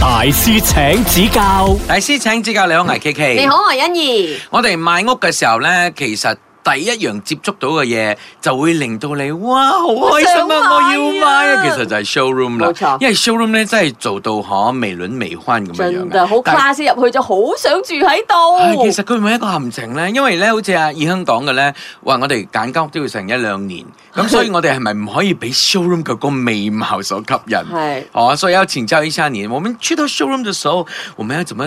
大師請指教，大師請指教。你好，倪琪琪。你好，我係欣怡。我哋賣屋嘅時候咧，其實。第一樣接觸到嘅嘢，就會令到你哇，好開心啊！我，啊我要買啊！其實就係 showroom 啦，因為 showroom 咧真係做到可美輪美奐咁樣樣嘅。很但係啱先入去就好想住喺度。其實佢唔係一個陷阱咧，因為咧好似阿 iHerng 講嘅咧，哇！我哋揀間屋都要成一兩年，咁所以我哋係咪唔可以俾 showroom 佢個美貌所吸引？係哦，所以有前奏依三年，我們出到 showroom 嘅時候，我們要怎麼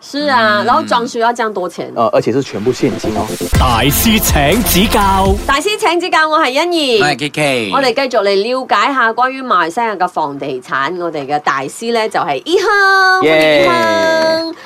是啊，嗯、然後裝修要這樣多錢、呃？而且是全部現金哦、啊。大師請指教，大師請指教，我是欣怡，我們繼續來了解一下關於馬來西亞的房地產，我們的大師呢就係、是、伊亨，yeah. 伊亨。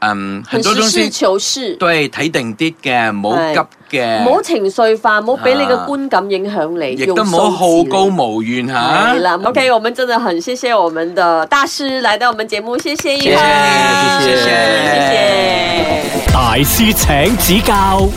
嗯、um,，很多東西都係睇定啲嘅，唔好急嘅，唔好情緒化，唔好俾你嘅觀感影響你，亦、啊、都唔好好高騖遠吓。嗯、o、okay, K，我們真的很謝謝我們的大師來到我們節目，謝謝一謝謝，謝謝，謝謝，謝謝，謝謝，大師請指教。